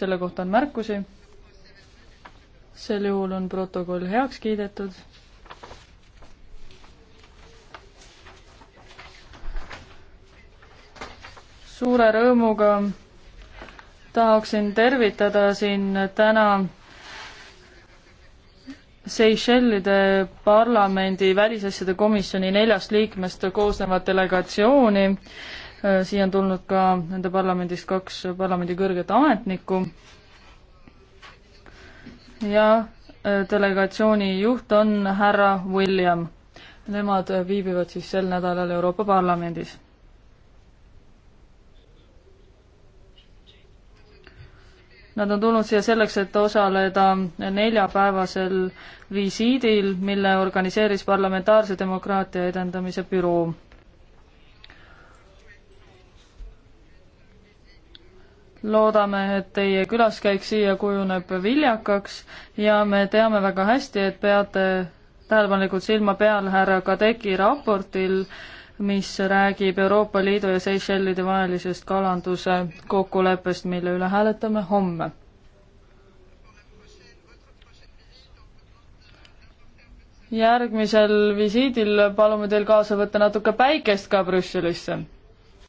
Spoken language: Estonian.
selle kohta on märkusi? sel juhul on protokoll heaks kiidetud. suure rõõmuga tahaksin tervitada siin täna Seychellide parlamendi välisasjade komisjoni neljast liikmest koosnevat delegatsiooni Äh, siia on tulnud ka nende parlamendist kaks parlamendi kõrget ametnikku ja äh, delegatsiooni juht on härra William. Nemad viibivad siis sel nädalal Euroopa Parlamendis Nad on tulnud siia selleks, et osaleda neljapäevasel visiidil, mille organiseeris parlamentaarse demokraatia edendamise büroo. loodame, et teie külaskäik siia kujuneb viljakaks ja me teame väga hästi, et peate tähelepanelikult silma peal härra Kadeki raportil, mis räägib Euroopa Liidu ja Seychellide vahelisest kalanduse kokkuleppest, mille üle hääletame homme. järgmisel visiidil palume teil kaasa võtta natuke päikest ka Brüsselisse